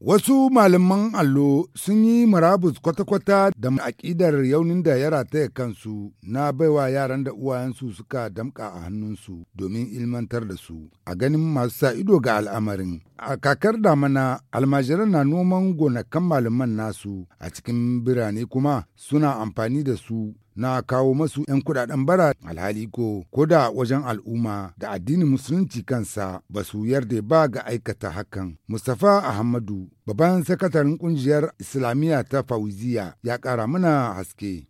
Wasu malaman allo sun yi marabus kwata-kwata da aƙidar yaunin da ya rataya kansu na baiwa yaran da uwayensu suka damƙa a hannunsu domin ilmantar da su a ganin masu sa ido ga al'amarin. A kakar damana almajiran na noman gonakan malaman nasu a cikin birane kuma suna amfani da su na kawo masu 'yan kudaden bara alhali ko ko da wajen al'umma da addinin musulunci kansa ba su yarda ba ga aikata hakan. Mustapha Ahmadu, babban sakataren kungiyar Islamiyya ta Fawziya ya ƙara mana haske.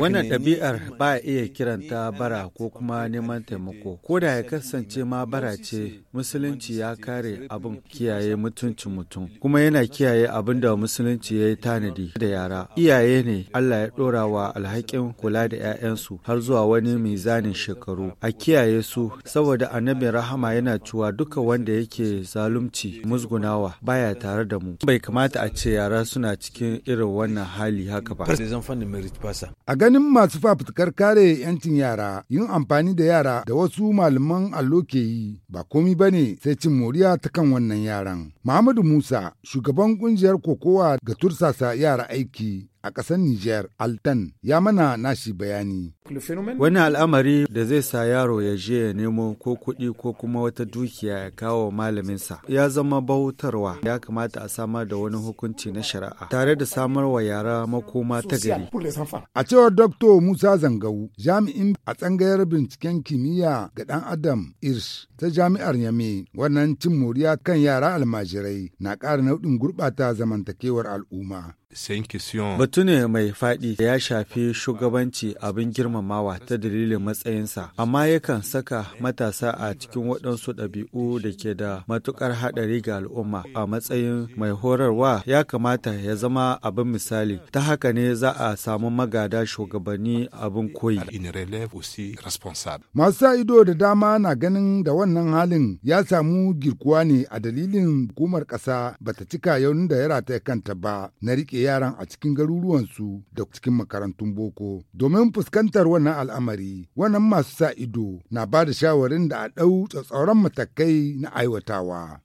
Wannan ɗabi'ar ba iya kiranta bara ko kuma neman taimako. Ko da ya kasance ma bara ce, Musulunci ya kare abin kiyaye mutuncin mutum, kuma yana kiyaye abin da Musulunci ya yi tanadi da yara. Iyaye ne Allah ya ɗora wa alhakin kula da 'ya'yansu har zuwa wani mizanin shekaru. A kiyaye su, saboda annabi rahama yana cewa duka wanda yake zalunci musgunawa baya tare da mu. Bai kamata a ce yara suna cikin irin wannan hali haka ba. masa. A ganin masu fafutukar kare 'yancin yara yin amfani da yara da wasu malaman allo ke yi ba komi ba ne sai cin moriya ta kan wannan yaran. Muhammadu Musa, shugaban kungiyar kokowa ga tursasa yara aiki a ƙasar Nijar, Altan, ya mana nashi bayani. Wani al'amari da zai sa yaro ya je ya nemo ko kuɗi ko kuma wata dukiya ya kawo malaminsa ya zama bautarwa ya kamata a samar da wani hukunci na shari'a tare da samar wa yara makoma ta gari. A cewar Dr. Musa Zangau, jami'in a tsangayar binciken kimiyya ga ɗan Adam Irsh ta jami'ar Yame, wannan cin moriya kan yara almaji almajirai na ƙara nau'in gurɓata zamantakewar al'umma. Batu ne mai faɗi da ya shafi shugabanci abin girmamawa ta dalilin matsayinsa, amma yakan saka matasa a cikin waɗansu ɗabi'u da ke da matuƙar haɗari ga al'umma a matsayin mai horarwa ya kamata ya zama abin misali, ta haka ne za a samu magada shugabanni abin koyi. Masu ido da dama na ganin da wannan halin ya samu girkuwa ne a dalilin hukumar ƙasa bata cika yaunin da ya rataye kanta ba na riƙe yaran a cikin garuruwansu da cikin makarantun boko. Domin fuskantar wannan al'amari, wannan masu sa ido na ba da shawarin da a ɗau tsatsauran matakai na aiwatawa.